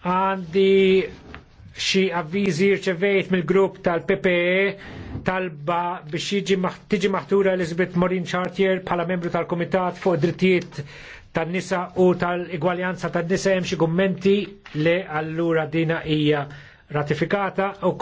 għandi xi avviżi rċevejt mill-grupp tal-PPE talba biex tiġi maħtura Elizabeth Morin Chartier bħala membru tal-Kumitat fuq drittijiet tan-nisa u tal-igwaljanza tan-nisa hemm xi kummenti li allura dina hija ratifikata u